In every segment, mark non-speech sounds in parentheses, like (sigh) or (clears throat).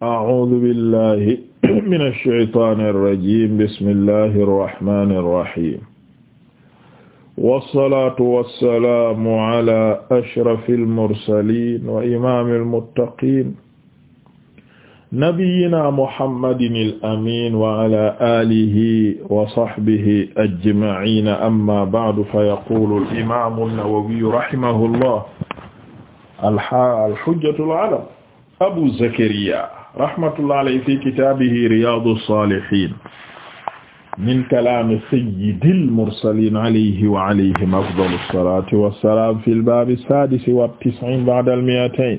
a'uuzu billahi (clears throat) mina shaytaani rajiim bismillahi rahmaani rahiim wasalaatu wasalaamu ala ashrafil mursaliin wa imaamil muttaqiin nabiyyinaa muhammadinil amiin wa ala aalihi wa sahbihi ajma'iin amma ba'du fayaquulu al-imaamu an-nawawiyyu rahimahullah al-hujjatul alam abu zakariyaa rahmatullah alayhi fi kitaabihi Riyaadus Saalihiin min kalaami sayyidil mursaliin alayhi wa alayhim afdalus salaati wassalaam fil baabi saadisi wat-tis'iin ba'dal mi'atayn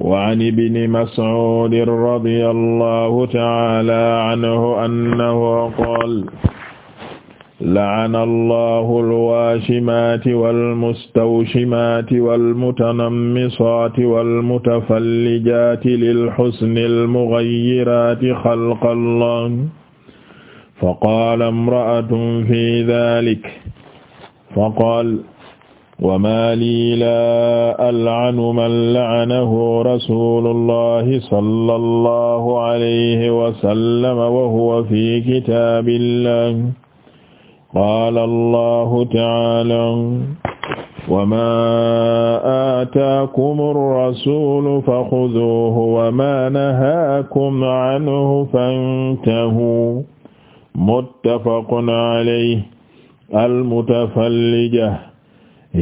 وعن ابن مسعود رضي الله تعالى عنه أنه قال la'ana allahu alwaashimaati walmustawshimaati walmutanammisaati walmutafallijaati lilxusni almugayyiraati xalqa allah faqaala imra'atun fi daalik faqaal wama lii laa al'anu man la'anahu rasuulullahi sallallahu alayhi wa sallam wa huwa fi kitaabillah qaala allahu taala wama aataakum arrasulu faxuduuhu wama nahaakum anhu fantahuu muttafaqun alayhi almutafallija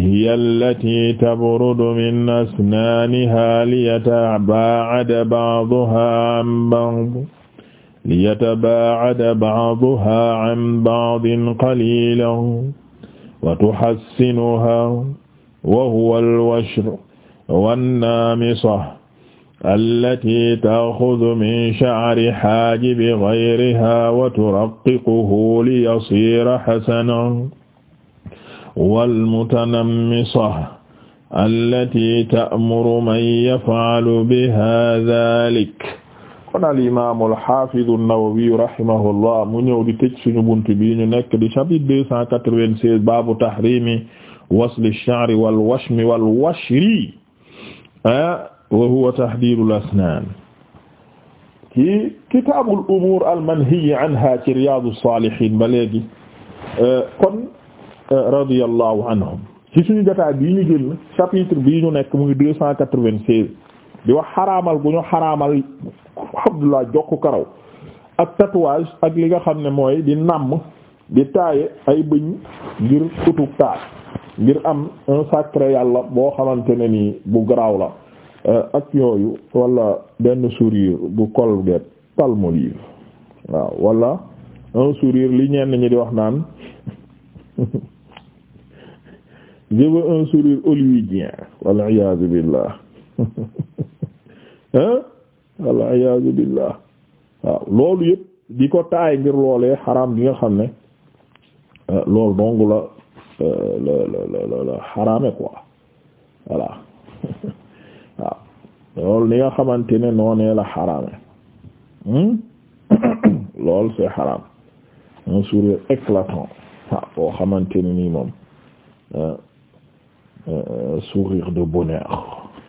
hiya allati tabrudu min asnaanihaa liyatabaacada bacduhaa can bacd liyatabaacada baaduha an baadin qalilan wa tuxassinuha wa huwa alwashr wannaamisa allati taaxudu min sha'ri xaajibi gayriha wa turaqiquhu liyasiira xasanan walmutanammisa allati ta'muru man yaf'alu biha daalik kon al imaam al haafiz an-Nawawi rahimahullah mu ñëw di tëj suñu buntu bi ñu nekk di chapitre deux cent quatre-vingt-seize baabu tahrimi wasli ash-sha'ri wal washmi wal washri ah, wa huwa tahdiidul asnaan ci kitaabul umuur al manhiyyi anhaa ci riyaadus saalihiin ba léegi eh, kon eh, radiyallahu anhum ci suñu jotaay bii ñu génn chapitre bii ñu nekk muy deux cent quatre-vingt-seize di wax xaraamal gu ñu xaraamal abdullah jokk karaw ak tatouage ak li nga xam ne mooy di nàmm di taaye ay bëñ ngir utub taay ngir am un sacré yàlla boo xamante ne nii bu garaaw la euh, ak yooyu wala benn sourire bu colgate palmolive waaw wala un sourire li ñenn ñi di wax naan (laughs) je veux un sourire hollywoodien wal iyaazu billah (laughs) walla iyaazu billaah loolu yëpp di ko taay ngir loolee xaraam bi nga xam ne euh, loolu dong euh, la la la la xaraame quoi voilà (laughs) waaw loolu li nga xamante ne noonee la xaraame hmm? (coughs) loolu c'est xaraam un sourire éclatant waaw boo xamante ne nii moom euh, sourire de bonheur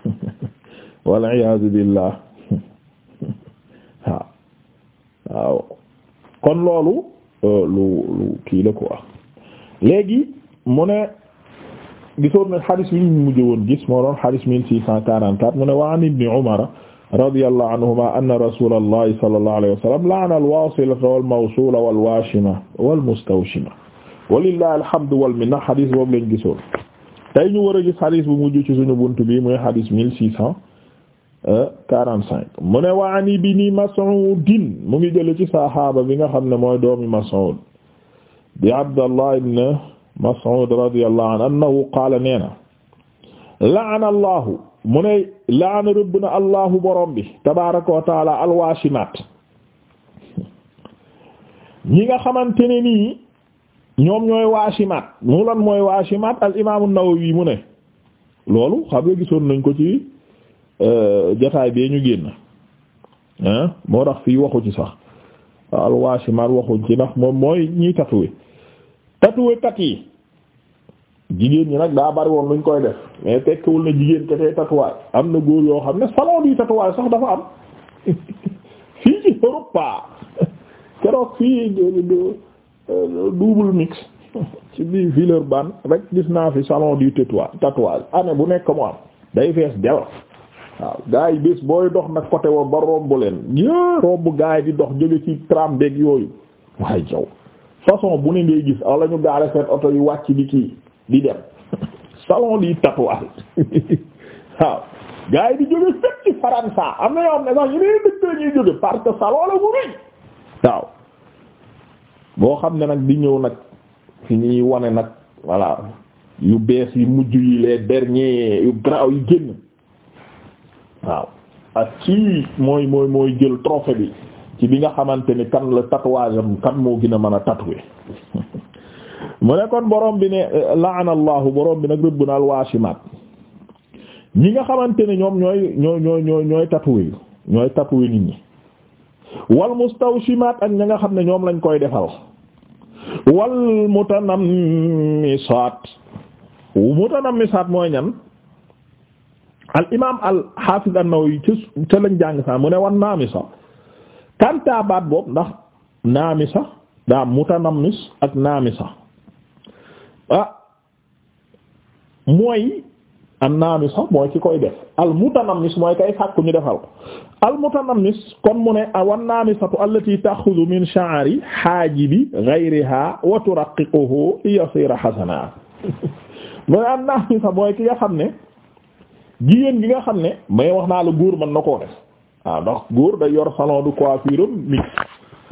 (laughs) wal iyaazu billah waaw waaw kon loolu euh, lu lu kii la quoi léegi mu ne gisoon na xadis bi ñu mujj woon gis moo doon xadis 1644 mu ne wa an ibni umara radiyallahu anhuma anna rasulallahi sallallahu alayhi wa sallam la'ana al-waasilata wal-mawsuula wal-waashima wal-mustawshima walillahi alhamdu wal minna xadis boobu lañ gisoon tey ñu war a gis xadis bu mujj ci suñu bunt bi muy xadis 1600 45 euh, mu ne wa an ibni Mas'udin mu ngi jële ci saxaaba bi nga xam ne mooy doomi Mas'ud di Abdallah ibn Mas'ud radiyallahu anhu annahu qaala nee na la'ana Allahu mu ne la'ana rëbb na Allahu borom bi tabaaraka wa taala alwaashimaat nga xamante ne nii ñoom ñooy waashimaat mu lan mooy waashimaat al imaamu Nawawi mu ne loolu xam nga gisoon nañ ko ci Euh, jotaay bee ñu génn ah moo tax fii waxu ci sax alwaashimaan waxuñ ci ndax moom mooy ñiy tatoué tatoué kat yi jigéen ñi nag daa bari woon luñ koy def mais tekkiwul na jigéen katee tatouage am na góor yoo xam ne salon du tatouage sax dafa am (laughs) fii ci Europe (laughs) keroog fii double mix (laughs) ci biir Villeurbanne rek gis naa fi salon du tatouage tatouage bu nekk mu am day fees del waaw gaa yi bés booy dox nag côté wa ba romb leen yéen romb yi di dox jóge ci tram beeg yooyu waaye jaw façon bu ne ngay gis wala ñu gaare seen oto yi wàcc di kii di dem (laughs) salon di tatouage (laughs) waaw gars yi di jóge fépp ci Faransa am na yoo xam ne sax yeneen ne nag di ñëw nag fi ñuy wane nag voilà yu bees yi mujj yi les derniers yu graw yi génn. waaw ak kii mooy mooy mooy jël trophée bi ci bi nga xamante ni kan la tatouage am kan moo gën a mën a tatoué (laughs) mu ne kon borom bi ne laana borom bi nag rëbb na alwaasimaat ñi nga xamante ne ñoom ñooy ñooy ñooy ñooy ñooy tatoué yu nit ñi wal mustawsimaat ak ña nga xam ne ñoom lañ koy defal wal mutanammisaat mutanammisaat mooy ñan al imaam al xaafis an-Nawawi mu ne wan naamisa kanta baat boobu ndax naamisa daa mutanammis ak naamisa ah mooy an naamisa mooy ki koy def al mutanammis mooy kay sàkku ñu defal al mutanammis kon mu ne wan naamisatu allati ta'khudhu min sha'ri haajibi ghayriha wa turaqqiquhu (laughs) mu ne an naamisa mooy ki nga ne jigéen gi nga xam ne mais wax naa la góor mën na koo def waaw ndax góor day yor salon de coiffure am mix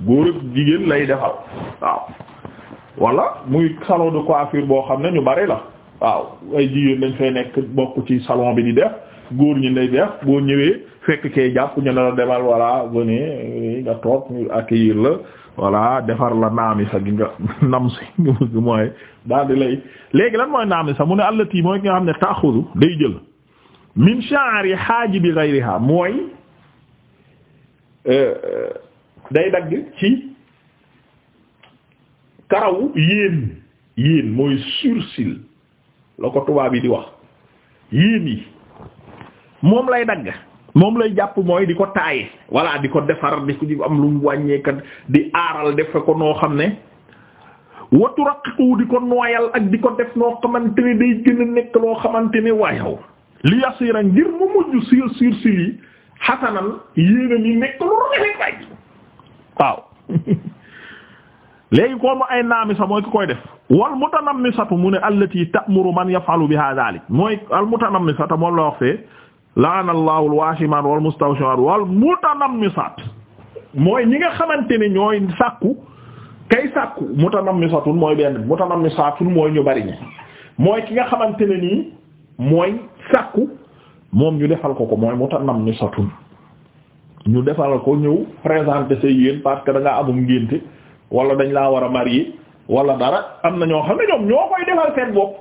góor ak jigéen lay defal waaw wala muy salon de coiffure boo xam ne ñu bari la waaw ay jigéen dañ fay nekk bokk ci salon bi di def góor ñi lay def boo ñëwee fekk kee jàpp ñu ne la demal voilà venez nga toog ñu la voilà defar la naami sax gi nga (laughs) nam si (laughs) mooy daal di lay léegi lan mooy naami sa mu ne allati mooy nga xam ne taaxudu jël yi min bi haajibi ghayriha mooy euh, euh, day dagg ci karaw yéen yéen mooy sursil la ko tubaab yi di wax yéen yi moom lay dagg moom lay jàpp mooy di ko taaye walla di ko defar di ko am lu mu wàññeekat di aaral defe ko noo xam ne watu raqiku di ko nooyal ak di ko def noo xamante ne day gën a nekk loo xamante ne waayaw li yasiira ngir mu mujj siir siir siir yi xasanal yéenéem yi nekk lu rafet waay waaw (laughs) léegi koo mu ay naamisa mooy ki koy def wal mutanammisatu mu ne allati ta'muru man yaf'alu biha dhalik mooy al mutanammisata moom la wax fee la'ana allahu al washiman wal mustawshiman wal mutanammisat mooy ñi nga xamante ne ñooy sàkku kay sàkku mutanammisatun mooy benn mutanammisatun mooy ñu bari ñi mooy ki nga xamante ne nii mooy sàkku moom ñu defal ko ko mooy mu ta nam ni satun ñu defal ko ñëw présenter sa yéen parce que da ngaa amum ngénte wala dañ laa war a marier wala dara am na ñoo xam ne ñoom ñoo koy defal seen bopp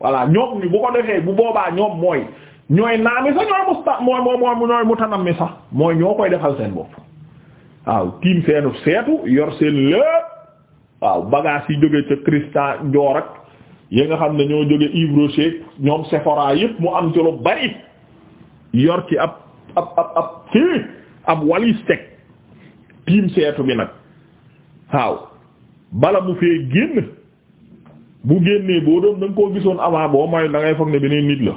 voilà ñoom ni bu ko defee bu boobaa ñoom mooy ñooy naami sax ñooy musta mooy mooy mooy ñooy mu tanam mi sax mooy ñoo koy defal seen bopp waaw tiim seenu seetu yor seen lépp waaw bagage yi jóge ca Christian Dior ak yi nga xam ne ñoo jóge Yves Rocher ñoom Sephora yëpp mu am ci lu bari yor ci ab ab ab ab kii ab walis teg tiim seetu bi nag waaw bala mu fee génn bu génnee boo doon da nga koo gisoon avant boo may da foog ne beneen nit la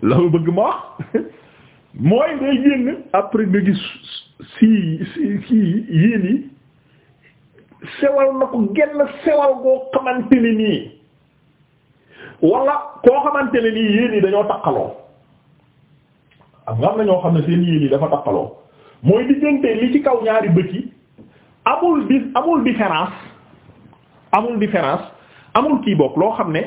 la (laughs) ma bëgg ma mooy day génn après nga gis sii sii yéen yi sewal na ko genn sewal goo xamante ne nii wala koo xamante ne nii yéen yi dañoo takkaloo am nga am na ñoo xam ne seen yéen yi dafa takkaloo mooy diggante li ci kaw ñaari bët yi amul di amul différence amul différence amul kii bokk loo xam ne.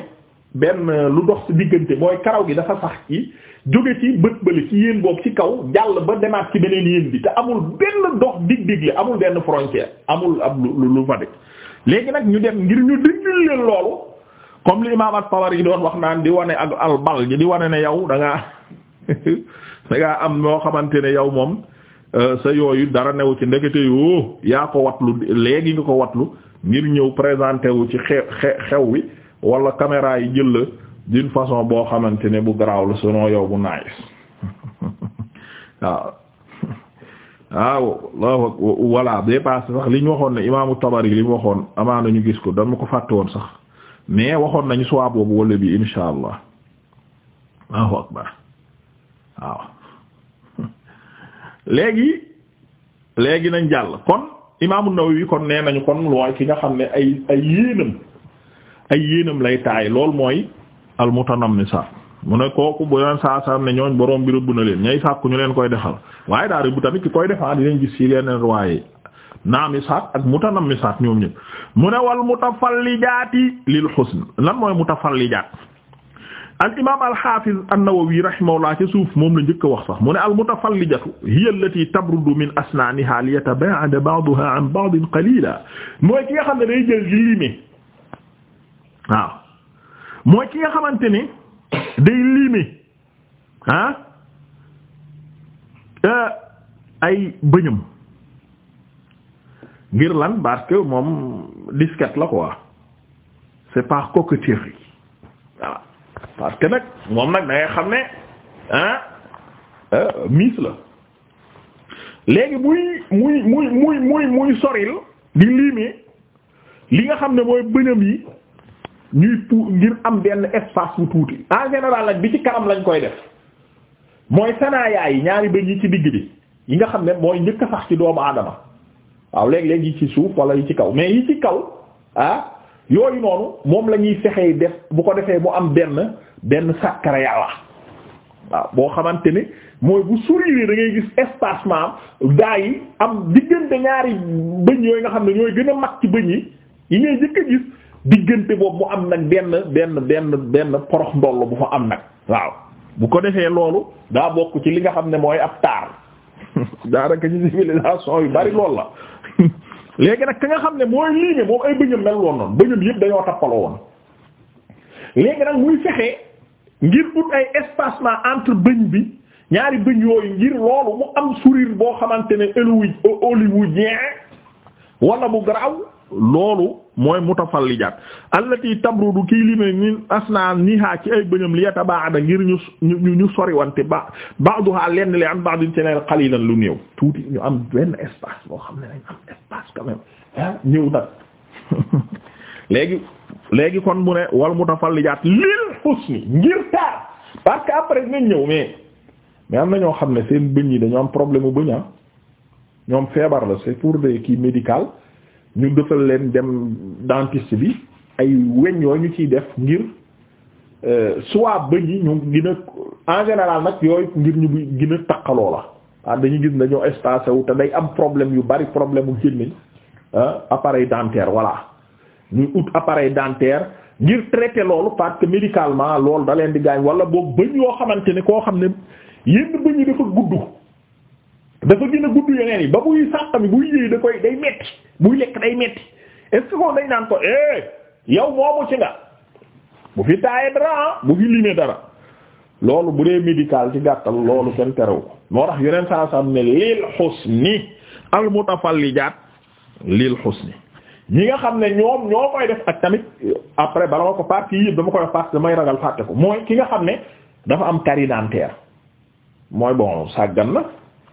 benn euh, lu dox ci diggante mooy karaw gi dafa sax ci jóge ci bët bële ci yéen boobu ci kaw jàll ba demaat ci beneen yéen bi te amul benn dox dig-digle amul benn frontière amul ab lu lu fa de léegi nag ñu dem ngir ñu dindil leen loolu comme li imaam at-Tabari doon wax naan di wane ak albal ji di wane ne yow da ngaa (laughs) da am moo xamante ne yow moom euh, sa yooyu dara newu ci ndekete yoo yaa ko watlu léegi nga ko watlu ngir ñëw présenté wu ci xew xew wi wala caméra yi jël la d'une façon boo xamante ne bu garaaw la sinon yow bu naagis (laughs) waaw waaw lo voilà dépassé sax li ñu waxoon ne imaamu Tabari li waxoon waxoon na ñu gis ko dama ko fàtte woon sax mais waxoon nañu soit boobu wala bi insha allah waaw (laughs) léegi léegi nañ jàll kon imaamu Nawawi kon nee nañu kon looy ki nga xam ne ay ay yéenam ay yéenam lay taay lool mooy al mutanamisa mu ne kooku bu yeneen saa saa ne ñooñ borom bi rëbb na leen ñay sàkku ñu leen koy defal waaye daa rëbb tamit ki koy defal dinañ gis ci leen ruwaaye naamisaat ak mutanammisaat ñoom ñëpp mu ne wal mutafallijaati lil husn lan mooy mutafallijaat al imaam al haafiz an-Nawawi rahimahullah ci suuf moom la njëkk wax sax mu ne al mutafallijatu hiya allati tabrudu min asnaaniha li yatabaa'ada ba'duha an ba'din qaliila mooy ki nga xam ne day jël liime waaw mooy ki nga xamante ni di limer ah euh, ay bëñam ngir lan parce que moom disquette la quoi c'est par coquetterie voilà parce que nag moom nag da xam ne ah miis la léegi muy muy muy muy muy muy soril di limer li nga xam ne mooy bëñam yi ñuy pu ngir am benn espace bu tuuti en général nag bi ci kanam lañ koy def mooy sanaayaa yi ñaari bëñ yi ci digg bi yi nga xam ne mooy njëkk a sax ci doomu aadama waaw léeg-léeg ci suuf wala yi ci kaw mais yi ci kaw ah yooyu noonu moom lañuy ñuy fexee def bu ko defee mu am benn benn sàkkara yàlla waaw boo xamante ni mooy bu souriwee da ngay gis espacement gaa yi am diggante ñaari bëñ yooyu nga xam ne ñooy gën a mag ci bëñ yi yi njëkk a gis diggante boobu mu am nag benn benn benn benn porox ndoll bu ma am nag waaw bu ko defee loolu daa bokk ci li nga xam ne mooy ab taar (laughs) daanaka ci civilisation yu bari lool la (laughs) léegi nag ka nga xam ne mooy liime moom ay bëñëm mel woon noonu bëñëm yëpp dañoo tappaloo woon léegi nag muy fexe ngir ut ay espacement entre bëñ bi ñaari bëñ yooyu ngir loolu mu am surir boo xamante ne hollywoodien wala bu garaaw loolu mooy mutafallijaat allati tabrudu kii lime min asna niha ci ay bëñam li yatabaada ngir ñu ñu ñu sori wante ba ba'daha lenn li am ba'd ci leen lu néew tuuti ñu am benn espace boo xam ne dañ am espace quand même ñëw nag (laughs) léegi léegi kon mu ne wal mutafallijaat lil husni ngir taar après nañ ñëw mais mais am na ñoo xam ne seen bëñ yi dañoo am problème bu bëñ ah. ñoom feebar la c'est pour des kii médical ñu defal leen dem dentiste bi ay weñ yooyu ñu ciy def ngir euh, soit bëñ yi ñu gën a en général nag yooyu ngir ñu gën a takkaloo la ah dañuy gis dañoo espacé wu te day am problème yu bari problème mu gémmiñ ah, appareil dentaire voilà ñuy ut appareil dentaire ngir traiter loolu parce que médicalement loolu da leen di gaañ wala boog bëñ yoo xamante ni koo xam ne yenn bëñ yi dafa gudd. dafa gën a gudd yeneen yi ba muy sàq mi buy yéey da koy day metti buy lekk day metti est ce que naan ko eh yow moomu ci nga bu fi taaye dara bu fi limee dara loolu bu dee médical ci gàttal loolu kenn terew ko moo tax yeneen saa sam ne lil husni al mutafallijaat lil husni ñi nga xam ne ñoom ñoo koy def ak tamit après bala ma ko partie yëpp dama koy wax parce damay ragal fàtte ko mooy ki nga xam ne dafa am carie dentaire mooy bon sàggan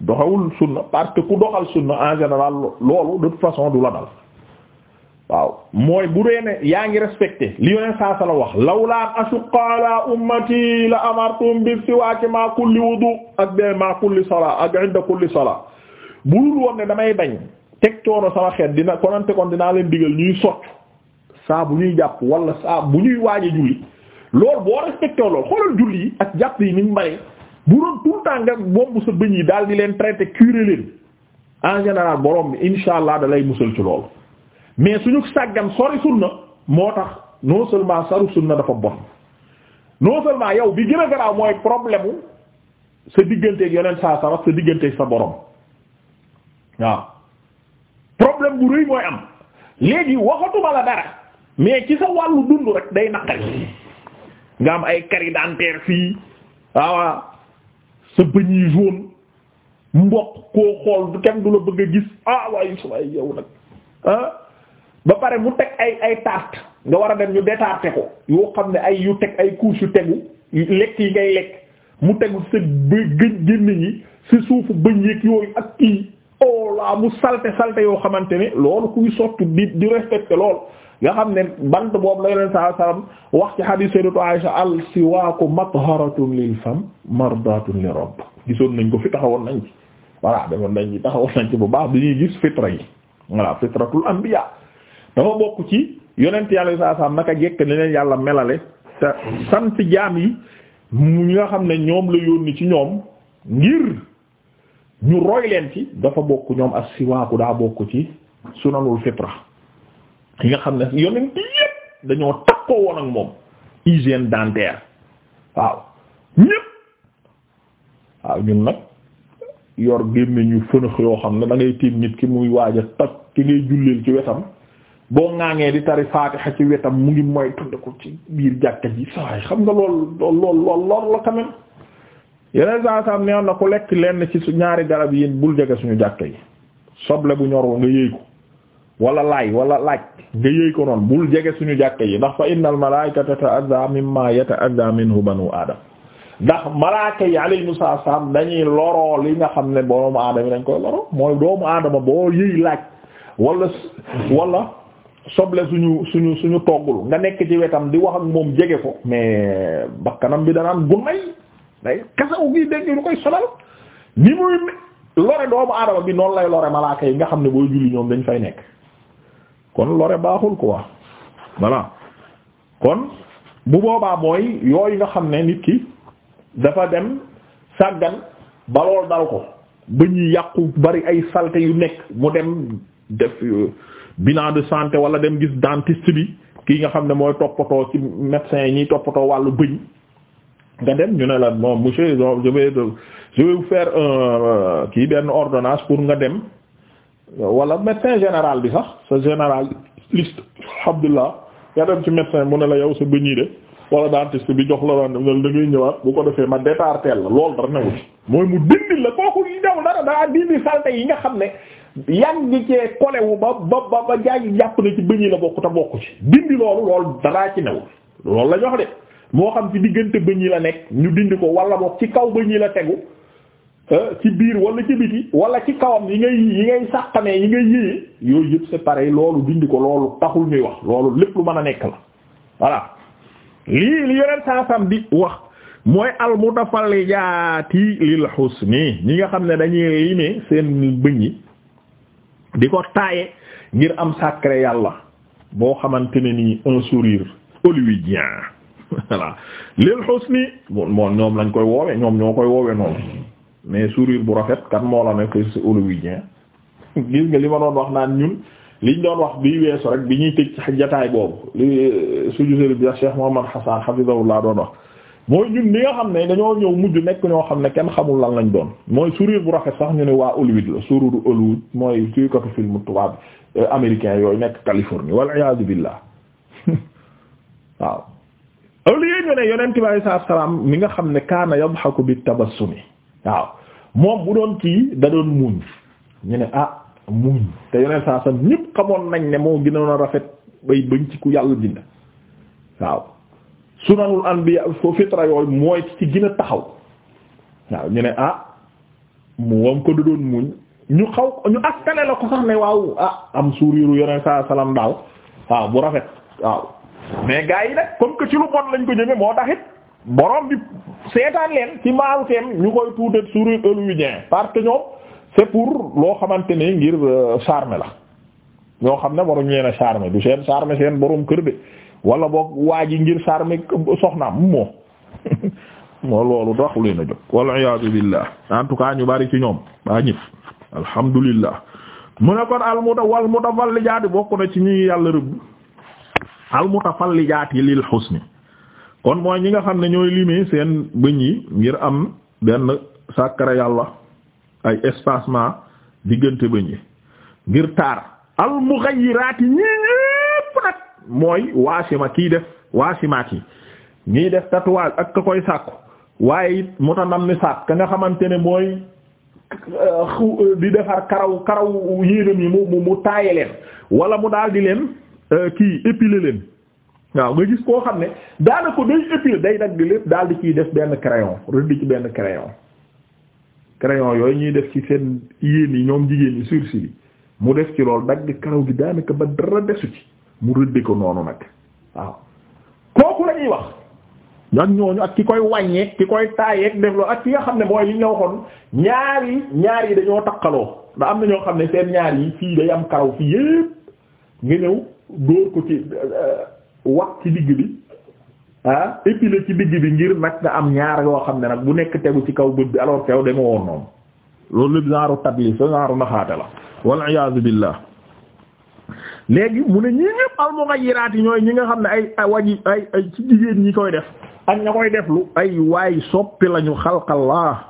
doxewul sunna parce que ku doxal sunna en général loolu de toute façon du la dal waaw mooy bu dee yaa ngi respecté li yoneen saa sala wax lawla asuqa ala ummati la amartum bi siwaaki ma kulli wudu ak be ma kulli sala ak inda kulli sala bu dul woon ne damay bañ teg coono sama xeet dina konante tegoon dinaa leen digal ñuy socc saa bu ñuy jàpp wala saa bu ñuy waaje julli loolu boo respecté loolu xoolal julli yi ak jàpp yi niñ bari bu doon tout le temps sa bëñ yi daal di leen traité curé leen en général borom bi insha allah da lay musal ci loolu mais suñu sàggan sori sunna moo tax non seulement saru sunna dafa bon non seulement yow bi gën a garaaw mooy problème mu sa digganteeg yonent saa sara sa digganteeg sa borom waaw problème bu rëy mooy am léegi waxatuma la dara mais ci sa wàllu dund rek day naqari nga am ay carte d'identité fii waaw ah, sa bëñ yi jaune mboq koo xool kenn du la bëgg a gis ah waaye su waay yow nag ah ba pare mu teg ay ay tarte nga war a dem ñu détarté ko yoo xam ne ay yu teg ay couches yu tegu lekk yi ngay lekk mu tegu sa gëj génn ñi si suufu bëñ yeeg yooyu ak kii oh là mu salte salte yoo xamante ni loolu kuy sotti di di respecté lool nga xam ne bant boobu la yeneen saa salaam wax ci hadith sayyidatu Aisha al siwaaku matharatun lil fam mardatun lir rabb gisoon nañ ko fi taxawoon nañ ci voilà demoon nañ ci taxawoon nañ ci bu baax dañuy gis fitra yi voilà fitratul anbiya dafa bokk ci yonent yàlla saa salaam naka jekk ne leen yàlla melale te sant jaam yi ñu nga xam ne ñoom la yónni ci ñoom ngir ñu roy leen ci dafa bokk ñoom as siwaaku daa bokk ci sunanul fitra ki nga xam ne yonent yépp dañoo takkoo woon ak moom hygiène dentaire waaw ñépp waaw ñun nag yor génne ñu fënëx yoo xam ne da ngay tiim nit ki muy waaja takk ki ngay julleel ci wetam boo ŋaaŋee di tari faatixa ci wetam mu ngi mooy tundeku ci biir jàkka ji sawaay xam nga lool lool lool lool la quand yeneen saa saa neewoon na ku lekk lenn ci su ñaari garab yi bul jege suñu jàkka yi soble bu ñor wa nga yéey ko wala laay wala laaj nga yëy ko noonu bul jege suñu jàkka yi ndax fa innal malaikata ta'adha mimma yata'adha minhu banu adam ndax malaaka yi alayhimu salaam dañuy loroo yi nga xam ne doomu aadama dañ koy loro mooy doomu aadama boo yëy laaj walla wala soble suñu suñu suñu toggul nga nekk ci wetam di wax ak moom jege ko mais bakkanam bi danaan gunay day kasaw gi dégg koy sonal ni muy lore doomu aadama bi noonu lay lore malaaka yi nga xam ne booy julli ñoom dañ fay nekk kon lore baaxul quoi voilà kon bu boobaa mooy yooyu nga xam ne nit ki dafa dem sàggan balool dal ko ba ñuy yàqu bari ay saleté yu nekk mu dem def euh, bilan de santé wala dem gis dentiste bi kii nga xam ne mooy toppatoo ci médecin yi ñuy toppatoo wàllu bëñ nga dem ñu ne la moom monsieur je vais je vais vous faire euh, kii benn ordonnance pour nga dem wala médecin général bi sax sa généraliste alhamdulilah nga dem ci médecin mu la yow sa bëñ yi de wala dentiste bi jox la doon dem da ngay ñëwaat bu ko ma détarteel la loolu dara mooy mu dindi la kooku daw dara daa dindi saleté yi nga xam ne yàgg cee kolewu ba ba ba ba jaay jàpp ne ci bëñ yi la bokk a bokku ci dindi loolu lool daraa ci newul loolu la jox de moo xam ci diggante bëñ yi la nekk ñu dindi ko wala boog ci kaw bëñ yi la tegu Euh, ci biir walla ci biti wala ci kawam yi ngay yi ngay sàqamee yi ngay yéyee yooyu yëpp c'est pareil loolu dindi ko loolu taxul ñuy wax loolu lépp lu mën a nekk la voilà lii li yeneen saasam di wax mooy al mutafallijaati lil husni ñi nga xam ne dañuy limee seen bëñ yi di ko taaye ngir am sacré yàlla boo xamante ne nii un sourire hollywoodien (laughs) voilà lil husni moom ñoom lañ koy woowe ñoom ñoo koy woowe noonu mais sourire bu rafet kan moo la nekk c'est hollywoodien gis nga li ma doon wax naan ñun liñ doon wax bi weesu rek bi ñuy tëj jataay boobu li euh, suñu sëriñ bi Cheikh Mohammad Hassan hafizahullah doon wax mooy ñun li nga xam ne dañoo ñëw mujj nekk ñoo xam ne kenn xamul la lañ doon mooy sourire bu rafet sax ñu ne waa Hollywood la sourire Hollywood mooy ci katu film tubaab euh, américain yooyu nekk Californie wal iyaazu billah (laughs) waaw au lieu ñu ne yonent bi nga xam ne kaana yadhaku bit tabassumi waaw moom bu doon kii da doon muñ ñu ne ah muñ te yeneen saa sam ñëpp xamoon nañ ne moo gënoon a rafet bay bañ ci ku yàlla bind waaw sunanul anbiya fo fitra yooyu mooy ci gën taxaw waaw ñu ne ah moom ko da doon muñ ñu xaw ñu askale la ko sax ne waaw ah am sourire yeneen saa salaam daal waaw bu rafet waaw mais gars yi nag comme que ci lu bon lañ ko jëme moo taxit borom bi seetaan leen ci maaluteem ñu koy tuuteeg suri hollywoodien parce que ñoom c'est pour loo xamante ne ngir euh, charme la ñoo xam ne waruñ leen a charme du seen charme seen borom kër de wala boog waa ji ngir charme soxnaam moo (laughs) moo loolu taxu leen a jóg wal iyaadu billah en tout cas ñu bari ci ñoom baa ñëpp alhamdulillah mu ne kon almuta wal mutafallijaati bokk na ci ñuy yàlla rëbb almutafallijaati lil husni kon mooy ñi nga xam ne ñooy limee seen bëñ yi ngir am benn sàkkara yàlla ay espacement diggante bëñ yi ngir taar al mughayirati ñi ñépp nag mooy waasima kii def waasimaat yi ñii def tatouage ak ka koy sàkku waaye it mu ta nam ni saat ka nga xamante ne mooy euh, di defar karaw karaw yéenam yi mu mu taaye leen wala mu daal di leen euh, kii épiler leen waaw nga gis koo xam ne daana ko day épile day dagg lépp daal di ciy def benn crayon rëdd ci benn crayon crayon yooyu ñuy def ci seen yéen yi ñoom jigéen ñi sourcils yi mu def ci loolu dagg karaw gi daanaka ba dara desu mu rëdde noonu nag waaw kooku ñuy wax ak ñooñu ak ki koy wàññeek ki koy taayeeg def loolu ak ki nga xam ne mooy li ñu la waxoon ñaar yi ñaar yi dañoo takkaloo da am na ñoo xam ne seen ñaar yi fii day am karaw fii yépp nga ñëw dóor ko ci wax ci digg bi ah épilé ci digg bi ngir nag nga am ñaar yoo xam ne nag bu nekk tegu ci kaw bët bi alors teew dama woon noonu loolu lépp genre tadlis genre la wal iyaazu billah léegi mu ne ñi ñooy ñi nga xam ne ay waji ci jigéen ñi koy def ak ña koy deflu ay waay soppi lañu xalqallah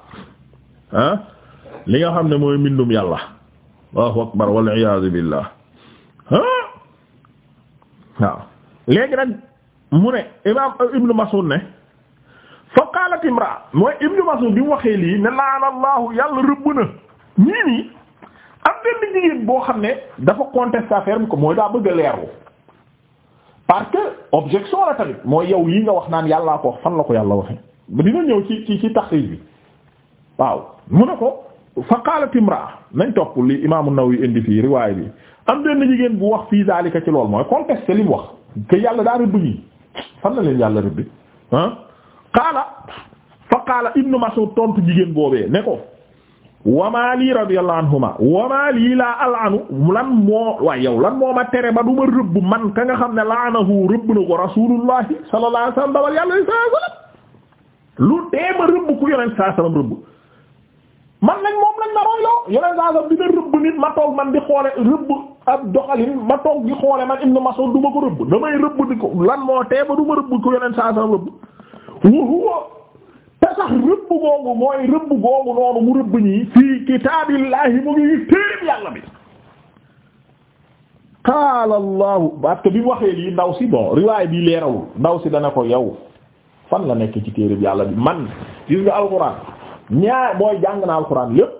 ah li nga xam ne mooy mbindum yàlla allahu akbar wal iyaazu billah ah léegi nag mu ne imam ibnu Mas'ud ne fa qalat mooy ibnu Mas'ud bi mu waxee lii ne laana allahu yàlla rëbb na ñii nii am benn jigéen boo xam ne dafa conteste affaire bi ko mooy daa bëgg a leeru parce que objection la tamit mooy yow yi nga wax naan yàllaa ko wax fan la ko yàlla waxe dina ñëw ci ci ci taxriij bi waaw mu ne ko fa qalat imra nañ topp li imaamu Nawawi indi fii riwaay bi am benn jigéen bu wax fii daalika ci lool mooy conteste li mu que yàlla daa rëbb ñi fan na leen yàlla rëbbi ah qaala fa qaala ibnu Mas'ud tontu jigéen boobee ne ko wamaa lii radiyallahu anhuma wamaa lii laa alanu lan moo waaye yow lan moo ma tere ba du ma rëbb man ka nga xam ne laanahu rëbb na ko rasulullahi sallallahu alayhi wa sallam dawal yàlla sallallahu alayhi lu dee ma rëbb ku yonent sallallahu alayhi wa man lañ moom lañ ma royloo yeneen saa sax dina rëbb nit ma man di xoole rëbb ab doxalin ma toog di xoole man Ibn Mas'ud du ko rëbb damay rëbb di ko lan moo tee ba du ma rëbb ko yeneen saa sax rëbb wa te sax rëbb googu mooy rëbb googu noonu mu rëbb ñii fii kitaabillahi mu ngi téeréb yàlla bi qaala allahu parce bi waxee lii ndaw si bon riwaay bi leerawul ndaw si dana ko yow fan la nekk ci téeréb yàlla bi man gis nga alxuraan ñaar mooy jàng na alxuraan lépp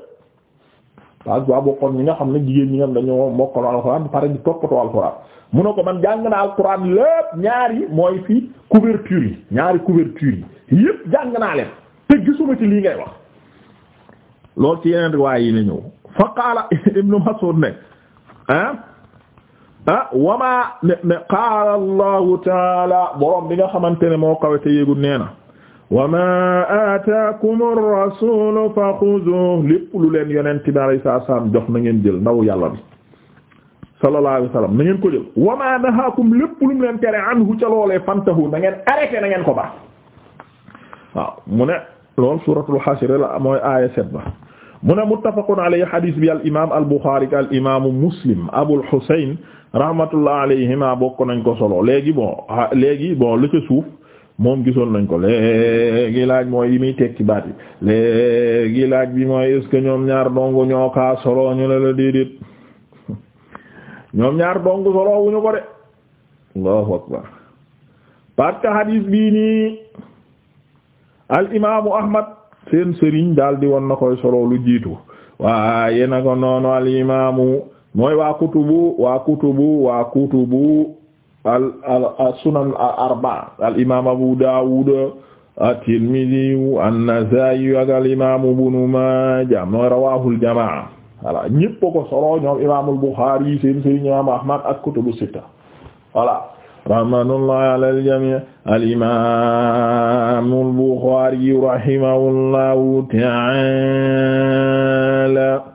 parce que bokkoon ñi nga xam ne jigéen ñi nga xam dañoo mokkal alxuraan pare di toppatoo alxuraan mu ne ko man jàng na alxuraan lépp ñaari mooy fii couverture yi ñaari couverture yi yépp jàng naa leen te gisuma ci lii ngay wax loolu ci yeneen riwaay yi ne ñëw fa qaala ibnu Mas'ud ne ah ah wamaa ne ne qaala allahu borom bi nga xamante ne moo kawe te yéegul nee na wa ma aataakum ar-rasuulu fa xuzuuhu lépp lu leen yonent bi alayhi salaam jox na ngeen jël ndaw yàlla bi sallallahu alayhi wa sallam na ngeen ko jël wa ma nahaakum lépp lu mu leen tere anhu ca loolee fantahu na ngeen arrêté na ngeen ko baax waaw mu ne loolu suuratul Haashir la mooy aaya sept ba mu ne muttafaqun alayhi hadiis bi al imaam al Buxaari ak al imaamu Muslim Abul Husayn rahmatullah alayhima bokk nañ ko solo léegi bon léegi bon lu ca suuf. moom gisoon nañ ko léegi laaj mooy yi muy tekki baat yi laaj bi mooy est-ce ñoom ñaar dongu ñoo kaa solo ñu la la déedéet ñoom ñaar dongu solo wuñu ko de allahu akbar parce que hadis bii al imaamu ahmad seen sëriñ daal di won koy solo lu jiitu waaye na noonu al imaamu mooy waa kutubu waa kutubu waa kutubu al al sunan arba al imaam Abu Daawud at-Tirmidhi an-Nasaa'i ak al imaam Ibnu Maaja mooy rawaahul jamaa voilà ñépp ko solo ñoom imaamul Buxaari seen sëriñ imaam Ahmad ak kutubu sitta voilà rahmatullahi ala al-jamii' al imaamul Buxaari rahimahullahu ta'ala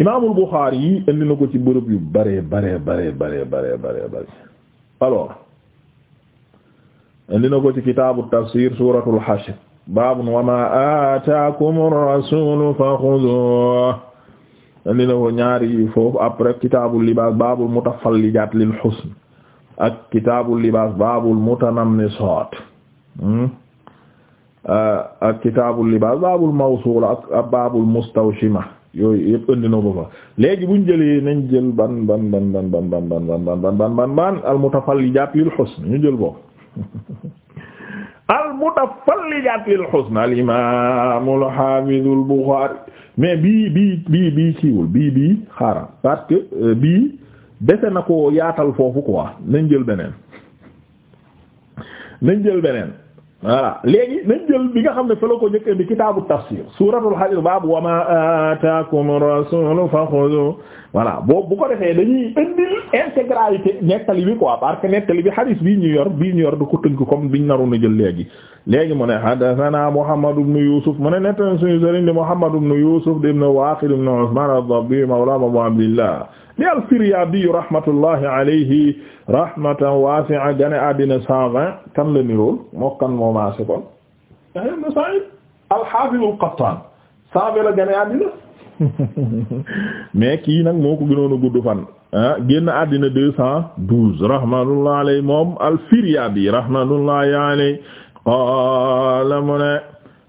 imaamul Buxaari yi indi na ko ci bërëb yu bare bare bare bare bare bare bare alors indi na ko ci kitaabu tafsir suuratul Hashr baabun wa ma aataakumur rasuulu faxuduuhu indi na ko ñaari foofu après kitaabul libaas baabul mutafallijaat lil husn ak kitaabul libaas baabul mutanammisaat hmm? ah, ak kitaabul libaas baabul mawsuula ak baabul mustawshima yooyu yëpp andi na ko fa léegi buñ jëlee nañ jël ban ban ban ban ban ban ban ban ban ban ban ban ban almutafallijaat lil husn ñu jël boobu almutafallijaat lil husn al imaam al haafiz al Buxaari mais bii bii bii bii siiwul bii bii xaaral parce que bii dese na ko yaatal foofu quoi nañ jël beneen nañ jël beneen voilà léegi nañ bi nga xam ne fa la ko njëkk indi kitaabu tafsir suuratul hadiid baabu wa ma ataakum rasuulu fa xudu voilà boobu bu ko defee dañuy indil intégralité nettali bi quoi parce que nettali bi hadiis bii ñu yor bii ñu yor du ko tënk comme biñ naroon a jël léegi léegi mo ne haddasanaa Muhammad ibn Yuusuf mu ne nettali suñu sëriñ di Muhammad ibn Yuusuf ibn Waaqid ibn Usmaan ad-Dabbi mawlaa Abuu Abdillah ni al-Firyaabi rahmatullahi alayhi rahmatan waasi'a gane àddina 120 kan la nirool moo kan al-Haafiz al-Qattaan 120 gane àddina (laughs) mais kii nag moo ko a gudd fan ah, génn àddina 212 rahmatullahi alayhi al-Firyaabi rahmatullahi alayhi qaala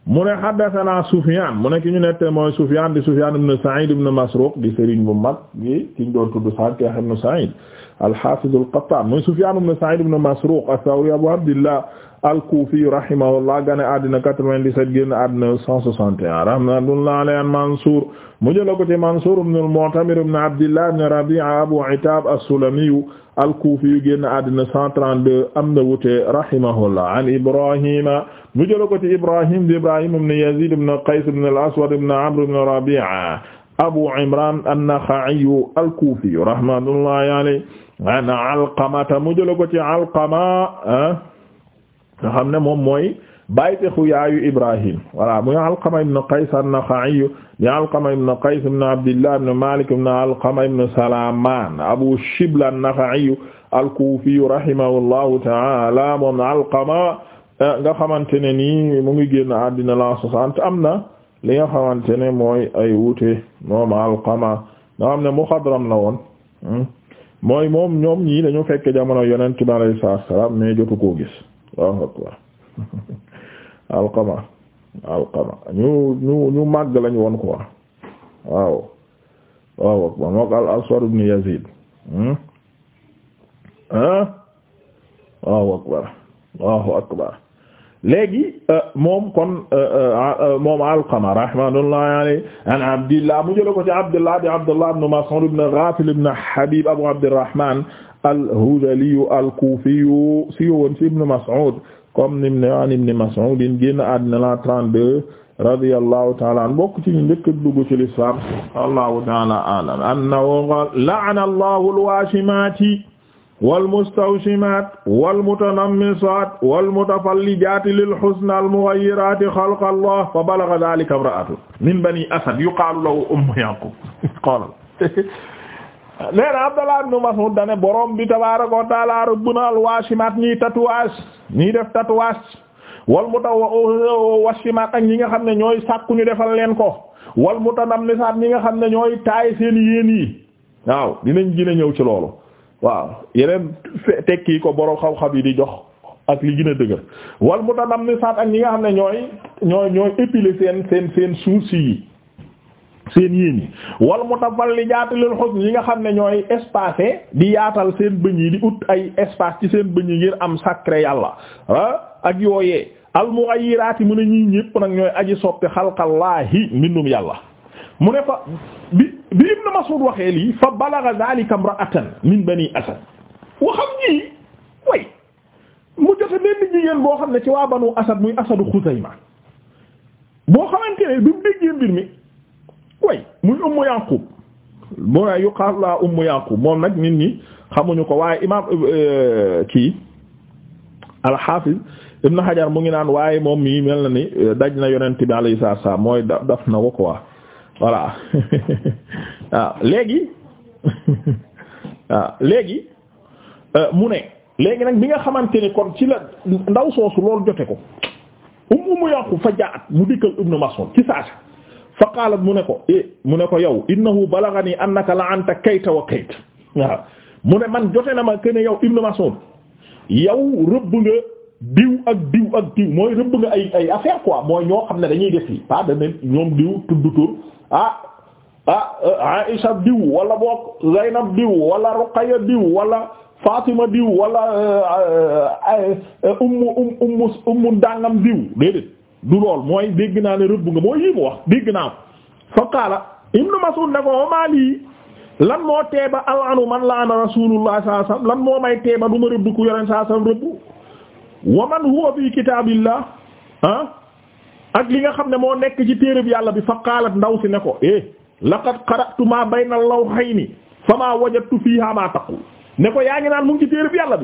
mu ne haddathana Sufyan mu ne ki ñu nette mooy Sufyan di Sufyan ibn Sa'id ibn Masruq di Serigne bu mag bi ki ñu doon tudd sànq Yahya ibn Sa'id al-Hafiz al-Qattan mooy Sufyan ibn Sa'id ibn Masruq ath-Thawri Abu Abdillah al-Kufi rahimahullah gane àddina 97 génn àddina 161 rahmatullah alayhi Mansur mu jëla ko ci Mansuur ibn al-Mu'tamir ibn Abdillah ibn Rabi'a Abu Itaab as-Sulamiyu al-Kuufiyu génn àddina 132 am na wute rahimahullah an Ibrahima mu jëla ko ci Ibrahim di Ibrahim ibn Yaziid ibn Qays ibn al-Aswad ibn Amr ibn Rabi'a Abu Imraan an-Nakha'iyu al-Kuufiyu rahmatullahi alayhi an Alqamata mu jëla ko ci Alqama ah, nga xam ne moom mooy baytexu yaayu Ibrahim voilà muy Alqama ibn Qays an-Nakha'i di Alqama ibn Qays ibn Abdillah ibn Malik ibn Alqama ibn Salaman Abu Shibl an-Nakha'i al-Kufi ta'ala moom Alqama eh, nga xamante ne nii mu ngi génn àddina la soixante na li nga xamante ne mooy ay wuute moom Alqama nga xam ne muxadram la woon hmm? mooy moom ñoom ñii dañu fekk jamono Yonent bi alayhi salaam mais jotu koo gis (laughs) alqama alqama ñu ñu ñu màgg lañ woon quoi waaw waaw ak moom ak al aswad ibn yazid ah waaw akbar waaw akbar léegi euh, moom kon euh, euh, moom alqama rahmatullahi alayhi an abdillah mu jële ko ci abdillah di abdullah ibn mas'ud ghafil ibn habib abu abdurrahman al-hudhali al-kufi si comme nim ne an ibn Mas'ud din génn àddina la 32 radiyallahu ta'ala an bokk ci ñu njëkk a dugg ci l'islam allahu ta'ala a'lam annahu qala la'ana allahu al-washimaati wal-mustawshimaati wal-mutanammisaati wal-mutafallijaati lil-husni al-mughayyiraati khalqa Allah fa balagha dhalika imra'atun min bani Asad yuqaalu lahu Ummu Ya'qub (laughs) qaalat nee na Abdallah ibn Mas'ud dane borom bi tabaaraka wa ta'aala rabbuna al-waashimaat ñiy tatouage ñiy def tatouage wal mutawashimaat ak ñi nga xam ne ñooy sàkku ñu defal leen ko wal mutanammisaat ñi nga xam ne ñooy taay seen yéen dinañ gën a ñëw ci loolu waaw yeneen tekki ko borom xam yi di jox ak li gën a dëgër wal mutanammisaat ak ñi nga xam ne ñooy ñooy ñooy épiler seen seen seen sourcils yi seen yéen yi wal mutafallijaati lil husn yi nga xam ne ñooy espacé di yaatal seen bëñ yi di ut ay espace ci seen bëñ yi ngir am sacré yàlla ah ak yooyee al mughayyirati mu ne ñii ñépp nag ñooy aji soppi xalqallaahi mbindum yàlla mu ne fa bi bi Ibn Mas'ud waxee lii fa balagha zalika imra'atan min bani Asad waxam ñii way mu jote benn jigéen boo xam ne ci waa banu Asad muy Asadu Xuzayma boo xamante ne bi mu déggee mbir mi way muy ummu yaqub moo yuqaal la ummu yaqub moom nag nit ñi xamuñu ko waaye imaam euh, kii alxaafiz ibn hajar mu ngi naan waaye moom mii mel na ni euh, daj na yonent bi alayhi salaam mooy daf na ko quoi voilà waaw (laughs) ah, léegi waaw (laughs) ah, léegi euh, mu ne léegi nag bi nga xamante ni kon ci la ndaw soosu loolu jote ko um umu yaqub fa jaat mu dikkal ibn mas'ud ci saasa fa qaalat mu ne ko eh mu ne ko yow innahu balaghani annaka la'anta kayta wa kayt waaw mu ne man jote na ma que ne yow Ibn Mas'ud yow rëbb nga diw ak diw ak diw mooy rëbb nga ay ay affaire quoi mooy ñoo xam ne dañuy def yi pas dana ñoom diw tudd tur ah ah Aïcha diw wala boog Zaynab diw wala Ruqayya diw wala Fatima diw wala euh, euh, euh, ummu ummu ummu dàngam diw déedéet du lool mooy dégg naa ne rëbb nga moo yii mu wax dégg naa fa qaala ibnu Mas'ud ne ko wamaa lii lan moo teeba alanu man laa ana rasulullah sallallahu alayhi wasallam lan moo may teeba du ma rëbb ku yoneen sallallahu alayhi wasallam rëbb wa man huwa fi kitaabillah ah, ak li nga xam ne moo nekk ci téereb yàlla bi fa qaalat ndaw si ne ko eh laqad qara'tu ma bayna al-lawhayni famaa wajadtu fiihaa maa taqul ne ko yaa ngi naan mu yàlla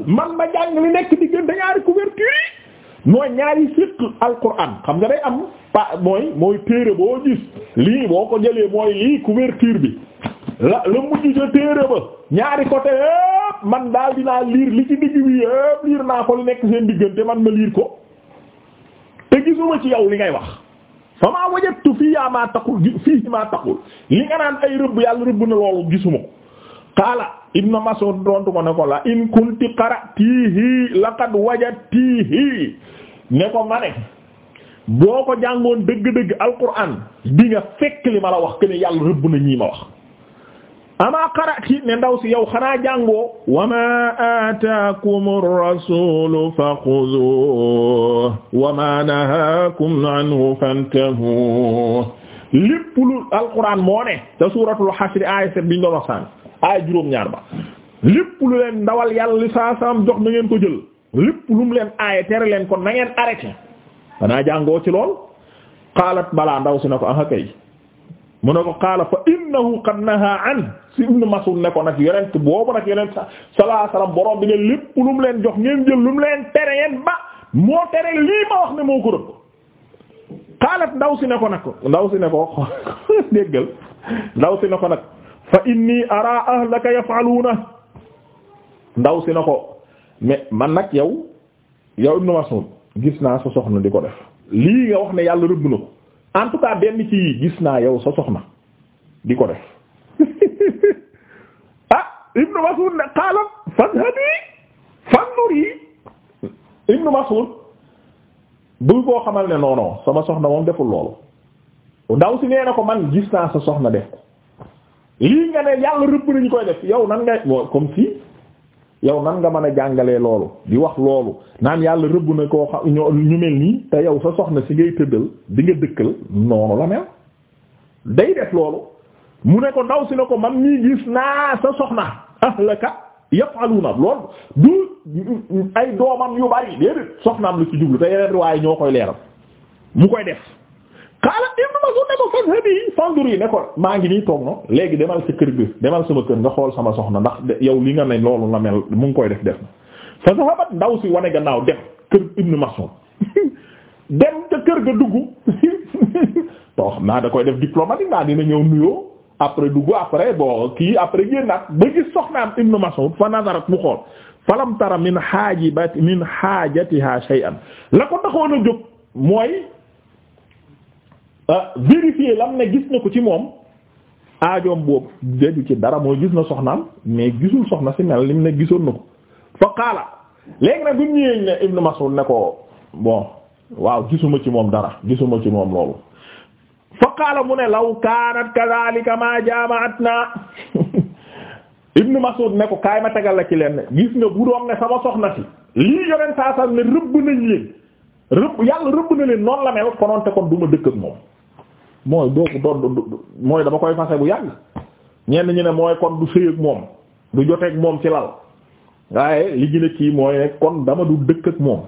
mooy ñaari fiqh alquran xam nga day am pa mooy mooy téere boo gis lii boo ko jëlee mooy lii couverture bi la la mujj sa téere ba ñaari côté yépp man daal dinaa liir li ci digg bi yépp liir naa ko li nekk seen diggante man ma liir ko te gisuma ci yow li ngay wax fa maa wajadtu fii yaa maa taqul fii maa taqul li nga naan ay rëbb yàlla rëbb na loolu gisuma ko qaala Ibn Mas'ud doontu ko ne ko la in kunti qara'tihi laqad wajadtihi ne ko ma boo ko jàngoon dégg dëgg alquran di nga fekk li ma la wax que ne yàlla rëbb na ñii ma wax amaa qara'ti ne ndaw si yow xanaa jàngoo wa ma aataakum ar-rasulu fa xuduuhu wa ma nahaakum anhu fantahu lépp lu alquran moo ne te suratul hashr aaya set biñ doon wax sànni aaya juróom-ñaar ba lépp lu leen ndawal yàlla li jox na ngeen ko jël lépp lu leen aaye tere leen ko na ngeen arrêté jàngoo ci lool qaalat balaa ndaw si na ko ah kay mu ne ko qaala fa innahu qad naha an nag yonent boobu nag yonent sallallahu bi ne lépp leen jox ngeen jël lu mu leen tere ngeen ba ndaw si ne ko nag ndaw si ne ko (laughs) déggal ndaw ko nag fa inni araa ahlaka yaf'aluna ndaw si ne ko mais man nag yow yow Ibn Mas'ud gis naa sa soxna di ko def lii nga wax ne yàlla rëbb na ko en benn ci gis naa yow sa soxna di ko def (laughs) ah Ibn Mas'ud ne xaalat fadhabi fanduri Ibn Mas'ud bu koo xamal ne non sama soxna moom deful loolu ndaw si nee na ko man gis naa sa soxna def ko lii nga ne yàlla rëbb nañu koy def yow nan ngay comme si yow nan nga mën a jàngalee loolu di wax loolu naan yàlla rëbb na koo xam ñu mel nii te yow sa soxna si ngay tëddal di nga dëkkal noonu la mel day def loolu mu ne ko ndaw si ne ko man nii gis naa sa soxna ahlaka yafaluna loolu du ay doomam yu bari déedéet soxnaam lu ci jublu te yeneen waaye ñoo koy leeral mu koy def xaala Ibn Mas'ud ne ko fazhabi fanduri ne ko maa ngi nii toog no léegi demal sa kër ga demal sama kër nga xool sama soxna ndax yow li nga ne loolu la mel mu ngi koy def def na fa sahabat ndaw si wane gannaaw dem kër Ibn (laughs) dem ca kër ga dugg (laughs) oo xam naa da koy def diplomatique naa dina ñëw nuyoo après dugg après bon kii après génnaat ba gis soxnaam Ibn Mas'ud fa nazarat mu xool falam tara min haajibati min haajatiha shay'an la ko taxoon Euh, vérifier lam ne gis na ko ci moom aajoom boobu deju ci dara mooy gis na soxnaam mais gisul soxna si mel lim ne gisoon na ko fa qaala léegi nag bu mu ñëwee ne Ibn Mas'ud ne ko bon waaw gisuma ci moom dara gisuma ci moom loolu fa mu ne law kaanat kadhalika ma jaama'atna (laughs) Ibn Mas'ud ne ko kaay ma tegal la ci leen gis na bu doon ne sama soxna si lii yoreen saa saa ne rëbb nañ leen rëbb yàlla rëbb na leen noonu la mel konoonte kon du ma dëkk moom mooy doo ko doon mooy dama koy fase bu yàgg ñenn ñi ne mooy kon du sëy ak moom du joteeg moom ci lal waaye li gën a kii mooy ne kon dama du dëkk ak moom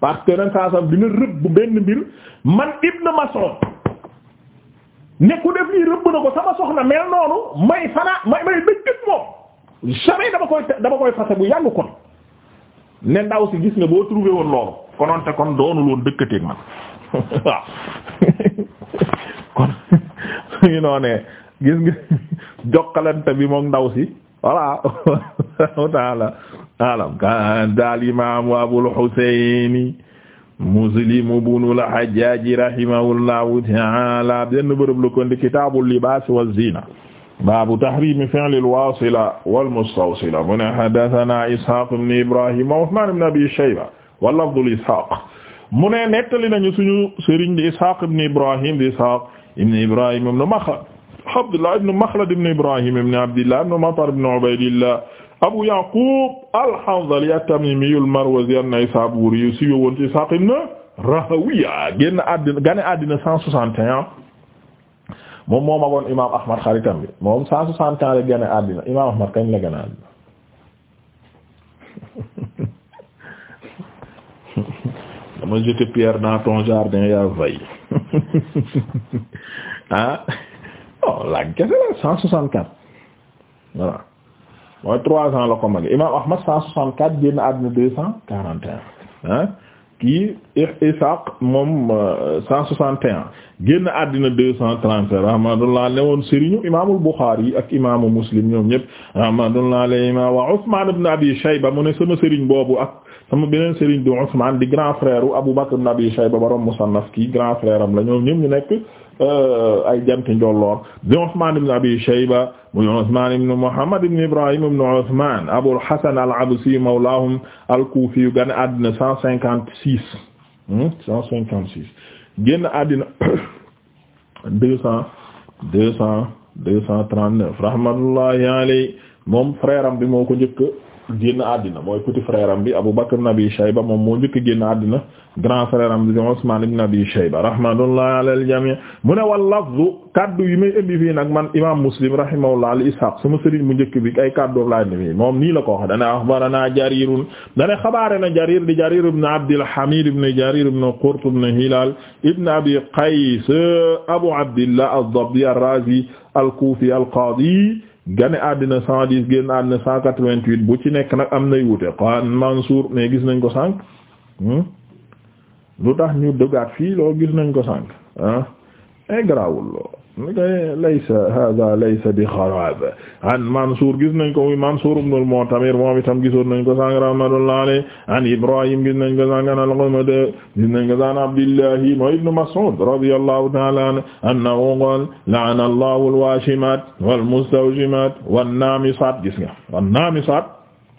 parce que ren saa sam dina rëbb benn mbir man Ibn Mas'ud ne ku def lii rëbb ko sama soxna mel noonu may fanaa may may dëkk ak moom jamais dama koy dama koy fase bu yàgg kon ne ndaw si gis nga boo trouvé woon loolu konoon te kon doonul woon dëkkateeg man. waaw (laughs) kon ñu (laughs) noonee gis nga (laughs) jokkalante bi moom ndaw si voilà taala alam kan daal imaamu Abul Husayni Muslim ibnul Hajjaaj rahimahullahu taala benn bërëb la ko ndi kitaabul libaas wa ziina baabu tahriimi fi'lil waasila wal mustawsila mu ne haddasanaa Ishaaq ibn Ibraahiim wa Usmaan ibn Abii Shayba wa lafzu Ishaaq mu ne nettali nañu suñu sëriñ di Ishaq ibn Ibrahim di Ishaq ibn Ibrahim ibn Makhlad Abdullah ibn max ibn Ibrahim ibn Abdillah ibn Matar ibn Ubaydillah Abu Yaqub al-Hanzali at-Tamimi al-Marwazi an-Naysaburi si woon ci ibn Rahawiya génn àddina gane àddina 161 moom moo magoon Imaam Ahmad xaritam bi la gane àddina kañ la gane (laughs) dama jeter pierre dans ton jardin yaa vay ah oh laaj kese la cent soixante quatre voilà mooy trois ans la ko mag imam Ahmad cent soixante quatre génn àddina deux cent quarante et un kii Isaaq moom euh, cent soixante et un génn àddina deux cent trente rahmatullah ne woon sëriñu imaamul Buxaari ak imaamu Muslim ñoom ñëpp rahmatullah alayhima wa Usmaan ibn Abi Shayba mu ne sama sëriñ boobu ak sama beneen sëriñ du Usmaan di grand frère u Abu Bakr ibn Abi Shayba borom musannaf kii grand frère am la ñoom ñëpp ñu nekk Euh, ay jant njolloor di Usman ibn Abi Shayba muy Usman ibn Muhammad ibn Ibrahim ibn Usman Abul Hasan al-Absi mawlahum al-Kufi gan àddina cent cinquante six hmm? cent cinquante six génn àddina (coughs) deux cent deux cent deux cent trente neuf rahmatullahi alayhi moom frère am bi moo ko njëkk génn àddina mooy petit frère am bi Abu Bakr ibn Abi Shayba moom moo njëkk génn àddina grand frère am bi Usman ibn Abi Shayba rahmatullahi ala al-jami' mu ne wal lafzu kaddu yi may indi fii nag man imam Muslim rahimahullah li Ishaq sama sëriñ mu njëkk bi ay kaddu laa indi fii moom nii la ko wax dana akhbarana Jarir dana xabaare na Jarir di Jarir ibn Abd al-Hamid ibn Jarir ibn Qurt ibn Hilal ibn Abi Qays Abu Abdillah ad-Dabbi ar-Razi al-Kufi al-Qadi gane àddina cent dix génn àddina cent quatre-vingt-huit bu ci nekk nag am nay wute qan Mansour mais gis nañ ko sànq hmm? lu tax ñu dëggaat fii loo gis nañ ko sànq ah e eh, garawul ni koy laysa hada laysa bi xaraab an Mansour gis nañ ko muy Mansour ibn al-Mu'tamir moom itam gisoon nañ ko sàng rahmatullah alayhi an Ibrahim gis nañ ko sàngan al-Ghumadi gis nañ ko saan Abdillahi mooy ibn Mas'ud radiyallahu ta'ala anhu annahu qaala la'ana Allahu al-waashimaat wal mustawshimaat wan naamisaat gis nga wan naamisaat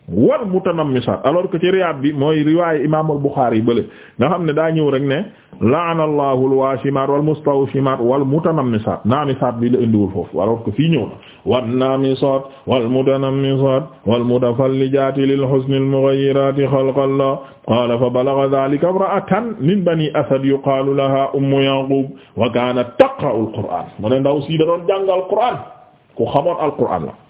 wal mutanammisaat alors que ci riyaad bi mooy riwaayu imaamul Buxaari bële nga xam ne daa ñëw rek ne la'anallahu al-waashimaat wal mustawshimaat wal mutanammisaat naamisaat bi la indiwul foofu alors que fii ñëw na wan naamisaat wal mutanammisaat wal mutafallijaati lil husni al mughayyiraati xalqan la qaala fa balagha dhaalika imra'atan min banii asad yuqaalu lahaa ummu yaquub wa kaanat taqra'u al-qur'aan mu ne ndaw si da doon jàngal Qur'aan ku xamoon al-Qur'aan la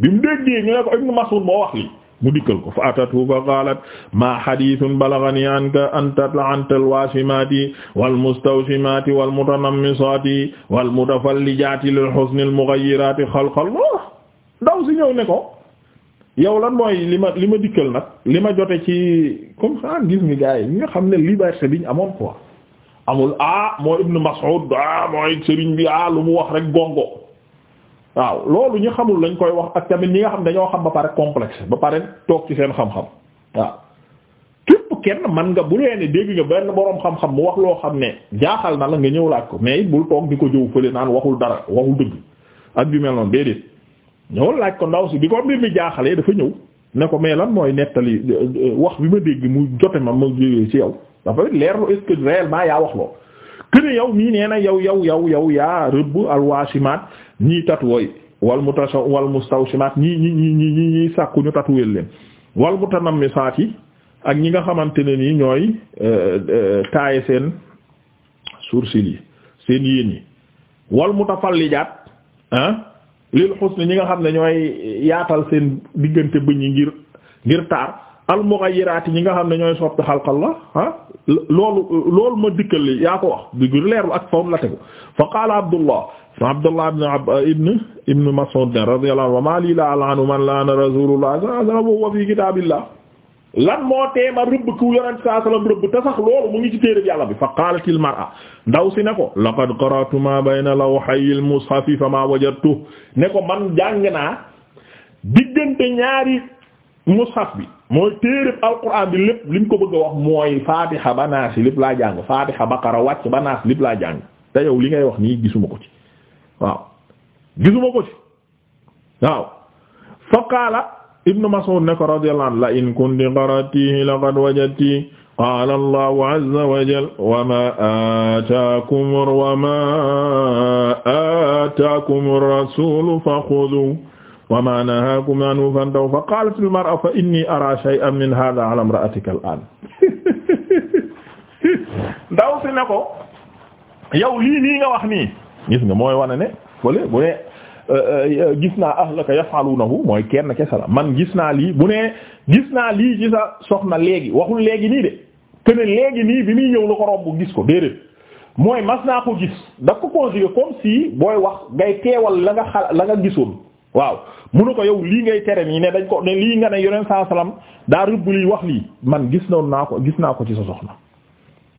bi mu déggee ñu ne ko Ibn Mas'ud moo wax li mu dikkal ko fa atatu fa qaalat ma hadithun balaghani anka anta la'anta alwasimati walmustawsimati walmutanammisati walmutafallijati lilhusni almughayyirati xalqal ndaw si ñëw ne ko yow lan mooy li ma li ma dikkal nag li ma jote ci comme ça gis nga gars yi nga xam ne liberté bi ñu amoon quoi amul ah mooy Ibn Mas'ud ah mooy sëriñ bi ah lu mu wax rek gongo waaw loolu ñu xamul lañ koy wax ak tamit ñi nga xam dañoo xam ba pare complexe ba pare toog ci seen xam-xam waaw képp kenn man nga bu leeni dégg nga benn boroom xam-xam mu wax loo xam ne jaaxal na la nga ñëw laaj ko mais bul toog di ko jëw fële naan waxul dara waxul dëgg ak bi mel noonu déedéet ñëw laaj ko ndaw si bi ko mbir mi jaaxalee dafa ñëw ne ko mais lan mooy nettali wax bi ma dégg mu jote ma ma ci yow dafa leer lu est yaa wax loo kene yow yow yow yow ñii tatwooy wal mutasha wal mustawshimaat ñii ñi ñi ñi ñi ñiy sàkku ñu tatuweel leen wal mutanammisaat yi ak ñi nga xamante ne nii ñooy euh, euh, taaye seen sourcil yi seen yéen yi wal mutafallijaat ah lil husn ñi nga xam ne ñooy yaatal seen diggante bëñ yi ngir ngir taar al mughayyiraat ñi nga xam ne ñooy soppi xalqallah ah loolu loolu ma dikkal yaa ko wax bi leerlu ak fawm la tegu fa qaala Abdullah Abdullah ibn eh, ibn ibn Mas'ud radiyallahu anhu wa ma li la alanu man laana rasulullah sallallahu alayhi wa sallam wa fi kitabillah lan moo teema rëbb ku yonent sallallahu alayhi wa sallam rëbb te sax loolu mu ngi ci téereb yàlla bi fa qaalatil mar'a ndaw si ne ko laqad qara'tu ma bayna lawhayil mushafi fa ma wajadtu ne ko man jàng naa diggante ñaari mushaf bi mooy téereb alquran bi lépp liñ ko bëgg a wax mooy fatiha ba naas yi lépp laa jàng fatiha baqara wàcc ba naas lépp laa jàng te yow li ngay wax nii gisuma ko ci waaw gisuma ko ci waaw fa qaala ibnu Mas'ud ne ko radiyallahu anhu la in kunti qara'tihi laqad wajadti qaala allahu azza wa jalla wa ma ataakum wa ma ataakum ar-rasuulu faxuduuhu wa ma nahaakum anhu fantahuu fa qaalat al-mar'atu fa inni araa shay'an min haadhaa ala imra'atika al-aan (laughs) ndaw si ne ko yow lii nii nga wax nii gis nga mooy wane ne fële bu ne euh, euh, gis naa ahlaka yafalunahu mooy kenn kese la man gis naa lii bu ne gis naa lii ci sa soxna léegi waxul léegi nii de te léegi nii bi muy ñëw la ko romb gis ko déedéet mooy mas naa ko gis da ko conjugué comme si booy wax ngay teewal la nga xal la nga gisoon waaw mu a ko yow lii ngay tere nii ne dañ ko ne lii nga ne yoneen saa salaam daa rëbb lii wax lii man gis noonu naa ko gis naa ko ci sa soxna